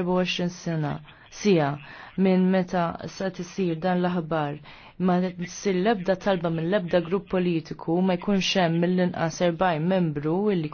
24 sena sija minn meta sa tisir dan l-aħbar ma sil lebda talba minn lebda grupp politiku ma jkunx hemm mill-inqas 40 membru illi